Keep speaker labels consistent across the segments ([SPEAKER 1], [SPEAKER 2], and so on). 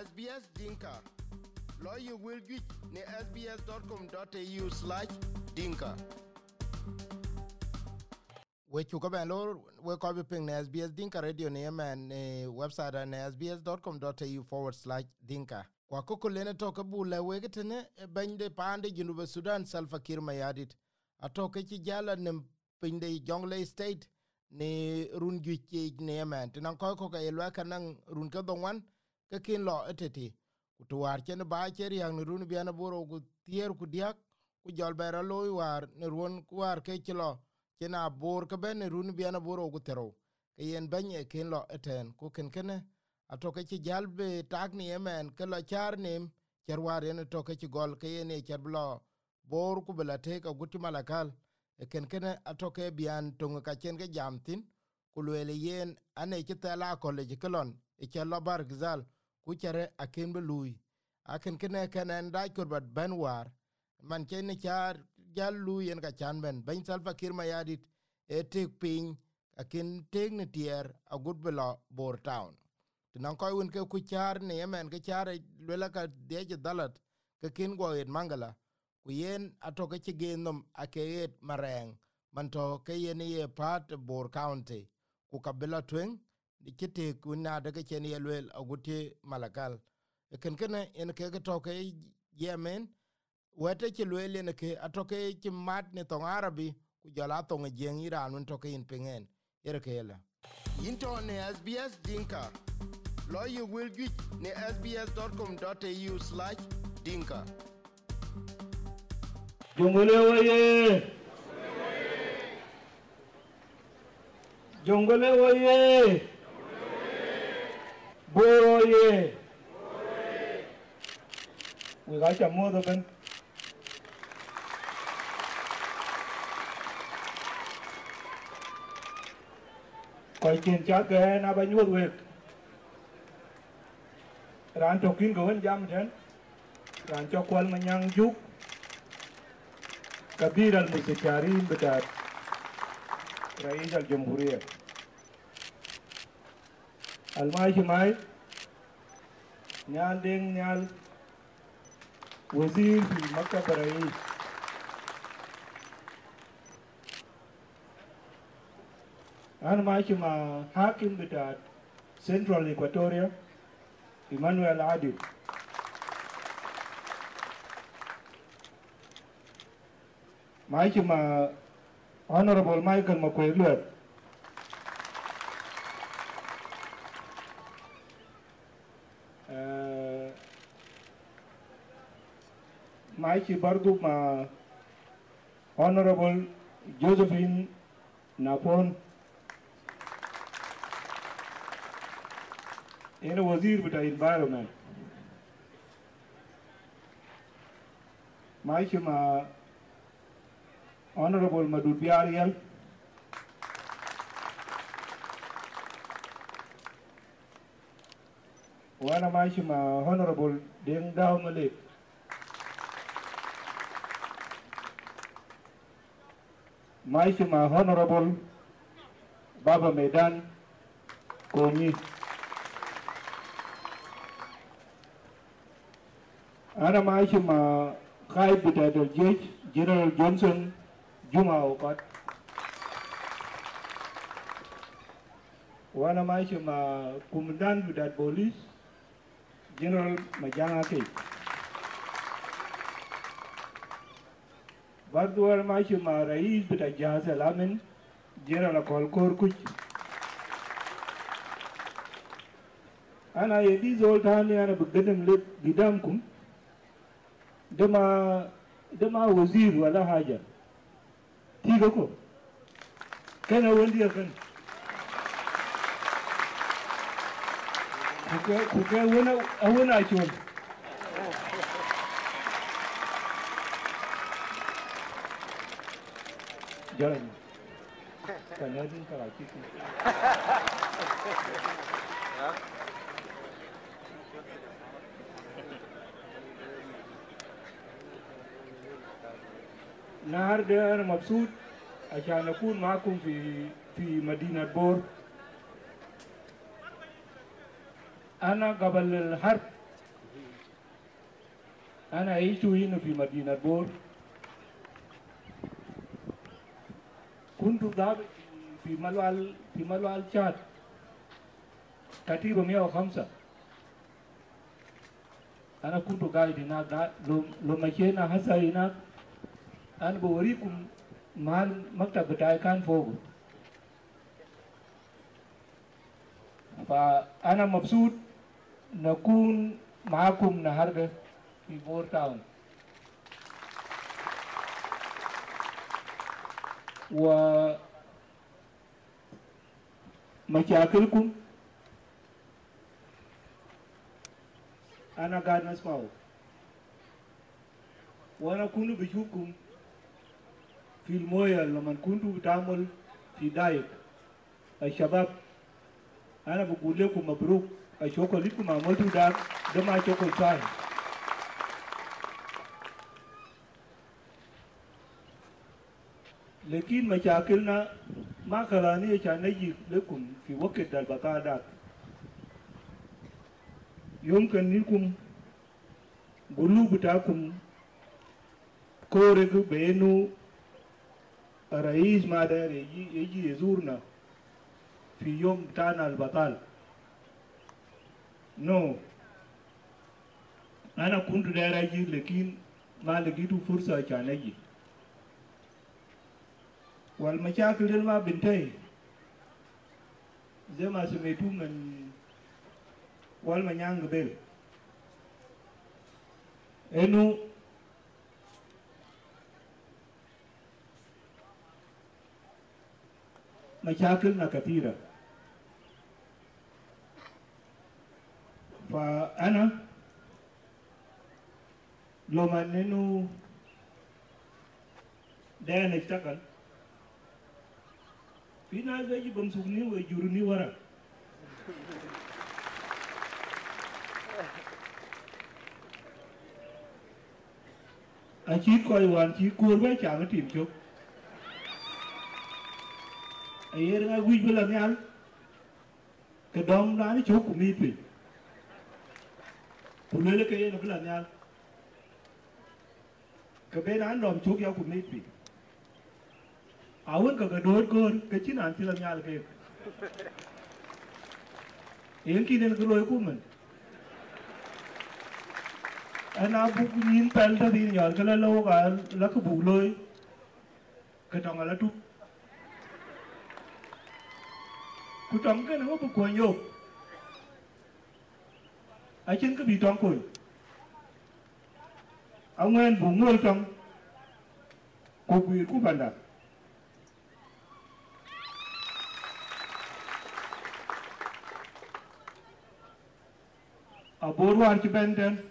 [SPEAKER 1] SBS Dinka. Lawyer will get ne sbs.com.au slash dinka. we chu ben lo we ko ping na SBS Dinka radio ne man ne website na sbs.com.au forward slash dinka kwa koko lene to bula we getene e bende pande jinu be Sudan Salva Kiir mayadit atoke ci jala ne pinde jongle state ne run ju ci ne man tinan ko ko ka elwa kanan run ka dongwan kekin lo eteti ku tuwar cheni ba ce riak ni run biana buro ku tier ku diak ku jol bera loi war ni run ku war ke ci lo cheni abur ke ben ni run biana buro ku tero ke yen ben ye kin lo eten ku ken kene a to ke ci jal be tak ni emen ke lo char nim cher war yen e to ke ci gol ke yen ye cher blo bor ku bela te ka guti malakal e ken kene a to ke bian tunga ka chen ke jam tin ku lwele yen ane ci tela kolej kelon e cher lo bar gizal ku chare akin be lui akin kene kenen da kur bat ben war man ken ne char gal lui en ka chan ben ben sal fakir ma yadit ping e akin tek ne tier a good bela bor town tinan koy won ke ku char ne yemen ke char le la ka de dalat ke kin go et mangala ku yen atoke ci genom akeet mareng man to ke yen ye part bor county ku kabila twing ni kete kuna daga chen ya lwel agute malakal e ken ken en ke ke to ke yemen wete ke lwel en ke atoke ke mat ne to arabi ku jara e to ne jen iran to ke in pengen er ke la into ne sbs dinka lawyer will gi ne sbs.com.au/dinka
[SPEAKER 2] jungule waye jungule waye Boroye. Người gái chậm mua thôi bên. Quay chuyện chắc kể na bánh hút việc. Rán cho kinh của anh giam chân. Rán cho quân mà nhang giúp. كبير المستشارين بتاعت رئيس الجمهورية almai shumai nyal deng nyal wazir fi maktab rais an maki hakim bita central equatoria emmanuel Adi. maki ma honorable michael makwelwet maiki bardu ma honorable josephine napon ene wazir bita environment maiki ma honorable madud biariel wana maiki ma honorable deng dao my Honorable Baba Medan Konyi. Ana my Shima High Potato Judge General Johnson Juma Opat. Wana my Shima Kumandan Budat Police General Majanga Barduwar Barduar Mashima Rais Bitaja Salamin, General Kolkor Kuch. Ana yadi ta hanyar bugadin gidanku, dama dama wazir wala haja tiga ko kana wandi kan ku ga wani a wani wani نهار السنة انت انا مبسوط عشان اكون معكم في في مدينه بور انا قبل الحرب انا عشت هنا في مدينه بور كنت في ملوى في ملوى الشات كتيبة 105 أنا كنت قاعد هناك لو مشينا هسه هناك أنا بوريكم مع المكتب بتاعي كان فوقه فأنا مبسوط نكون معكم النهارده في بور تاون wa mashakilkum ana gadnas fawo wana kunu bishukum في المويه لما كنت بتعمل في دايت الشباب انا بقول لكم مبروك اشكر لكم عملتوا ده ده ما شكر صاحب lekin makakil na makala ne ya ca nagi lekun fi wakil dalbaka da yankan nikun gulubu takun kore benu a ra'is ma da ya yi zurna fi yom tana no ana kuntu da ya ragi lekin ma lagidu fursa kyanagi والمشاكل دي ما بنتهي زي ما سميتوه من والمنيان قبل انه مشاكلنا كثيره فانا لو ما انه ده نشتغل binaagaji bam sugni way juruni wara a chi koy wan chi kuor we cha ga tim chok a yer ga wi bela nyal ke dom na ni chok mi pi kulele ke yer bela nyal ke be na dom chok ya ku mi pi aun ka gador gor ka chin an tilam nyal ke yen ki den gloy ku men ana bu nin pel da din yar kala lo ga la ku bu loy ka tong ala tu ku tong ka na bu ko yo a chin ka bi tong ko a ngwen bu ngol tong ku bi ku bandar a bóruárgybenben,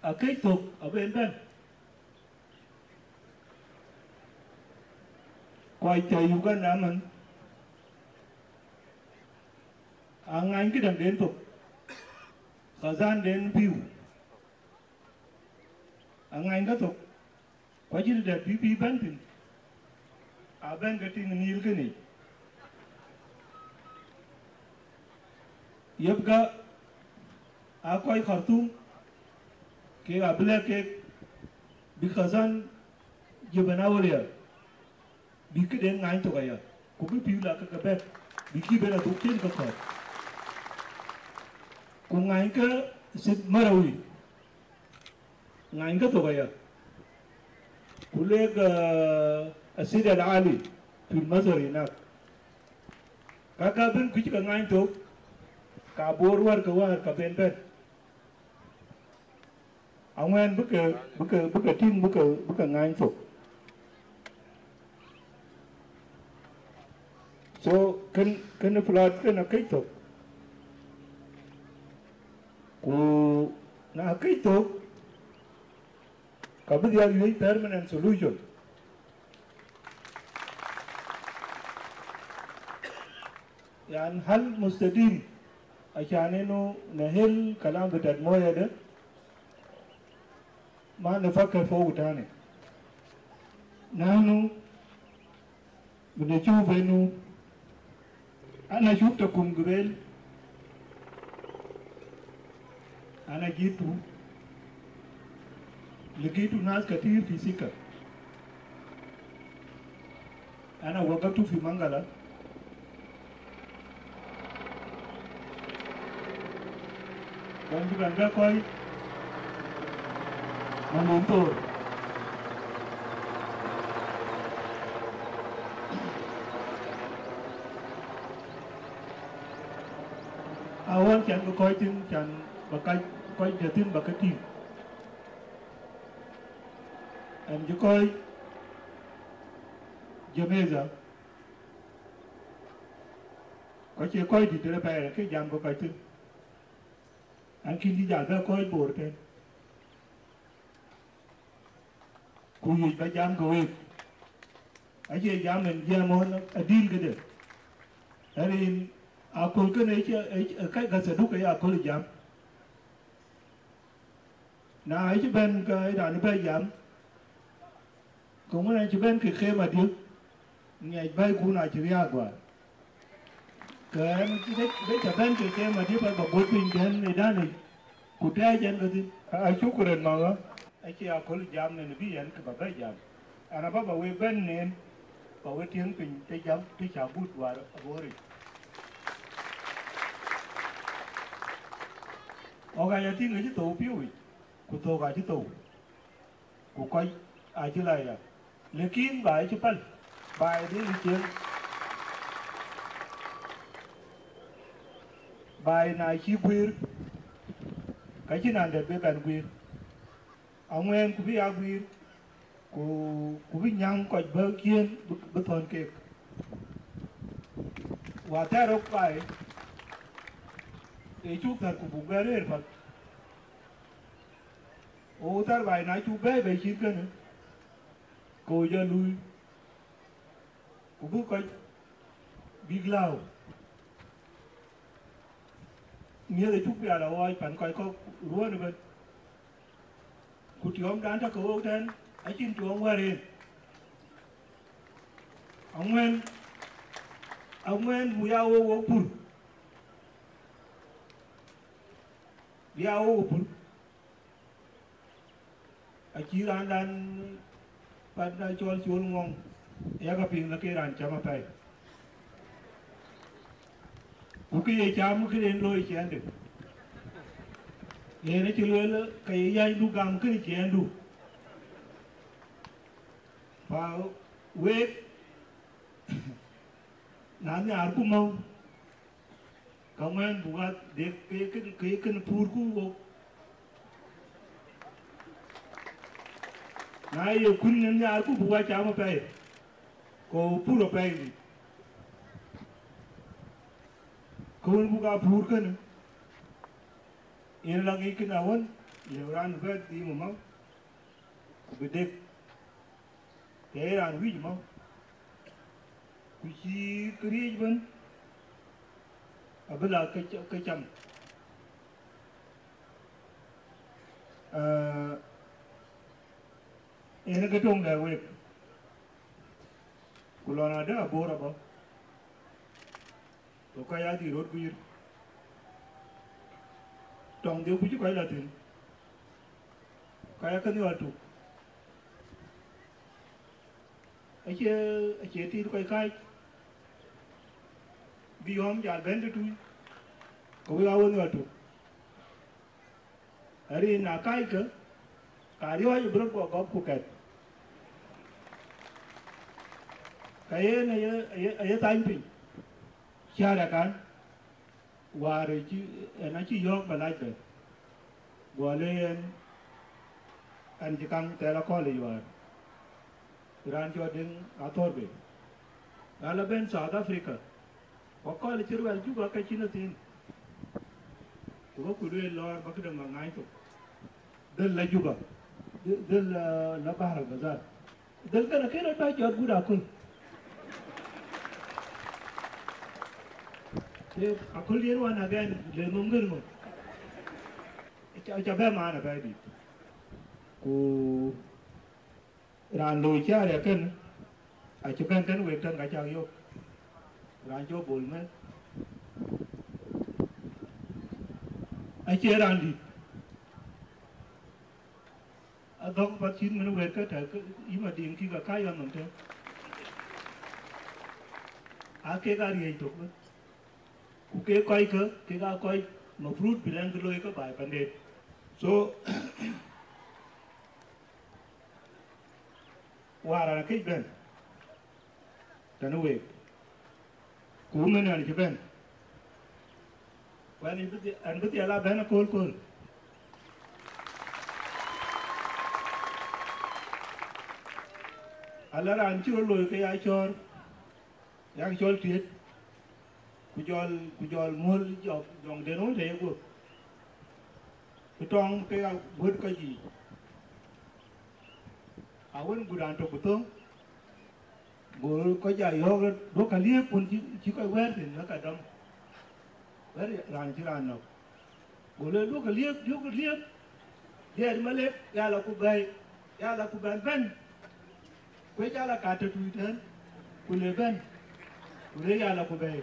[SPEAKER 2] a kết thúc ở bên bên. Quay chạy Uganda mình. À ngành cái đằng đến tục. thời gian đến view. À ngành cái tục. Quay chỉ đẹp bí bí bên bên. À bên cái tin nhiều cái này. yebga akoy khartum ke abla ke bi khazan je banawriya bi ke den ngai to gaya ko bi piula ka kabe bi ki bela to ken ka ko ko ngai ka sit marawi ngai ka to gaya kuleg asid al ali fi mazari nak kaka bin kuci ka ngay to kabur war ke war ke ben ben angwen buka buka buka tim buka buka ngain so so ken ken pelat ken akai itu, ku na akai to kabut ya permanent solution yang hal di عشانينه نهل كلام بتاع المويه ده ما نفكر فوق تاني نحن بنشوف انه انا شفتكم قبل انا جيت لقيت ناس كثير في سكه انا وقفت في منغلا రెండు గంగాకోయ్ మన ఇంతూరు awan chẳng có coi tin chẳng và cái coi giờ tin và cái tin em chỉ coi giờ bây giờ có chỉ coi thì tôi đã bày là cái giảm của coi tin anche gli dà da coi borte cui ba jam go we a je jam en jam on a dil gede erin a kol ke ne che kai ga se du ke a kol jam na a che ben ga da ne ba jam cũng là chỉ bên cái khế mà đi ngày bay cũng là chỉ ra qua ke de de ben ke ke ma di ba ba go tin den ni da ni ku ta jan ga di a chu ku ren ma ga a ki a kol jam ne bi yan ka ba ba jam ana ba ba we ben ne ba we tin pin te jam te cha bu wa bo ri o ga ya ti ngi ji to pi wi ku to ga ji to ku kai a ji la ya lekin ba ji pal ba di ni chen bài na chi gwir cái chi na ndet be ban gwir anh em cũng biết gwir ku ku bi nyang ko ba kien bu ton ke wa ta ro bai e chu tar ku bu ga re ma o tar bai na chu be be chi ken cô ja lui ku bu ko big lao nye de chuk bia la wai pan koi ko ruwa ni ben kutiom dan ta ko ten a đi ông wari ông angwen buya wo wo pur buya wo wo pur a chi ran dan pan chol chol ngon, ya ka ping la ke ran chama pai mukiye cha mukiren lo che ande yene ci lol kay yaay du gam kay ci andu pa we nan ne ar ku mo kamen buga dek ke ken ke ken pur ku go na ye kun ne ar ku buga cha mo pe ko puro pe Kulbuga Burgan, in Langikin Awan, Yavran Ved di Mumau, Bedek, Teran Wijmau, Kuchi Krijban, Abela Kacham. Eh, ini ketung dah wek. Kulon ada abor abah. to tokaya di road kuir tong de kuju kai tin kaya kan ni watu ache ache ti kai kai bi hom ja bend tu ko ga won watu ari na kai ka karyo wa ibro ko gop ku ka kaye na ye ye time pin cha đã cán và rồi chứ nó chỉ do và lại rồi và lên anh chỉ cần thế là có lý do ran cho đến à thôi về đó là bên South Africa có có là chưa vào chú cái chi nó tin tụi có quyền lo bắt cái đường ngang tụi đơn là chú đơn là là ba hàng giờ đơn cái là cái nó bao giờ cũng đã quên كل يوم أنا بين لمم غيرهم جابه ما أنا بعدي كو ران لو جاء لكن أشوفن كن ويتن كاجا يو ران جو بولمن أشي ران دي أدوك باتشين من ويتن تاك إما دين كي كايا نمتن أكيد أريه يتوكل uke koi ka ke ga koi no fruit bilang lo bài bai pande so qua cái wara ke ben tanwe ku cái an ke ben wani bi an bi ala ben cô kol ala ran chi lo ke ya chor ya chol tiet kujol kujol mol jok jong denon te go kutong te a god ka ji awon gudan to kuto gol ko ja yo do ka lie pun ji ji ko wer den na ka dam wer ran ji ran no gol do ka lie do ka lie der male ya la ku bai ya la ku ban ban ko ja la ka ta tu den ku le ban ku le ya la ku bai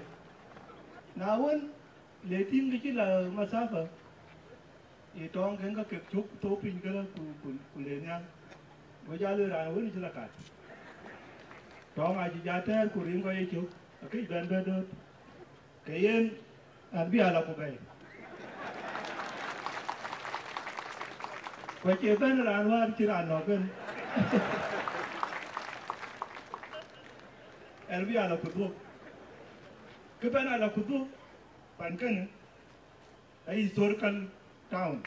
[SPEAKER 2] 나온 레팅이 라 마사파 이 동경가 격촉 도핑 그라 군군군레냐 고자르 라온 이슬라카 동아 지자테 구린 거에 죠 cái đoàn đoàn đoàn cái em ăn bia là của bè quay chế bên là ăn hoa chỉ là nó bên ăn bia là của thuốc kebana la kudu pankan a historical town.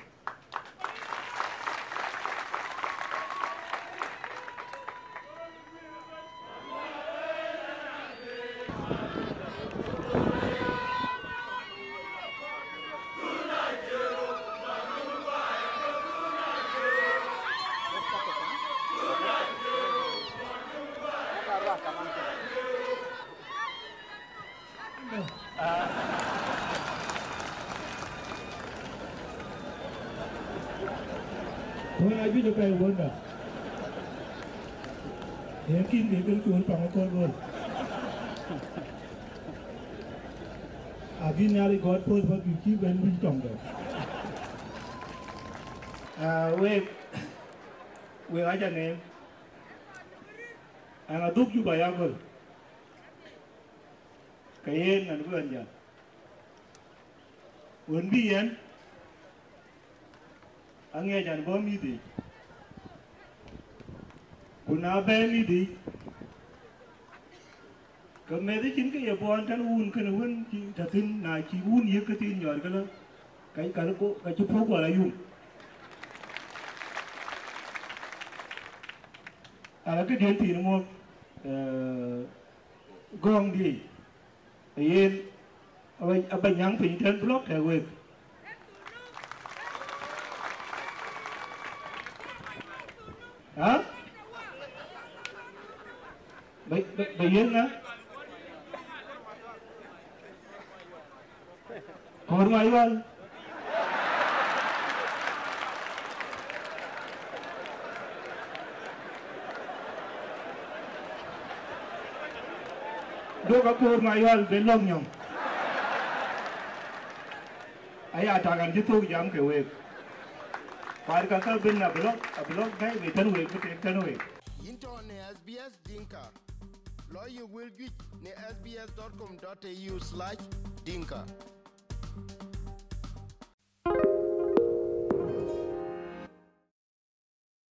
[SPEAKER 2] Where are you the guy wonder? เดี๋ยวกินเดี๋ยวเป็นจูนปังกอนบน Ordinary God post what you keep and win tongue. Uh, wait, wait, what's your name? And I took you by uncle. Kayen and Guanja. Wouldn't be in. อันเงี้ยจะบ่มีดีกูน่าเบมีดีก็ไม่ได้ชินกับยาบอนท่านอุ่นขนาดนั่นที่ถ้าทิ้งนายชีอุ่นเยอะก็ตีนหย่อนก็แล้วกันกันก็กันจะพกอะไรอยู่อะไรก็เดินทีนึงว่ากองดีเอ็นเอาไปเอาไปยังผิงเทนบล็อกแถวเวก hả bị bị bị yến hả ngồi ngoài luôn Dua kapur mayal belong nyong. Ayah tagan jitu jam kewek. వారికి అంతా బిన్ అభిలోక్ అభిలోక్ guy return way return way
[SPEAKER 1] into on SBS Dinka. Lawyer will get ne sbs.com.au slash Dinka.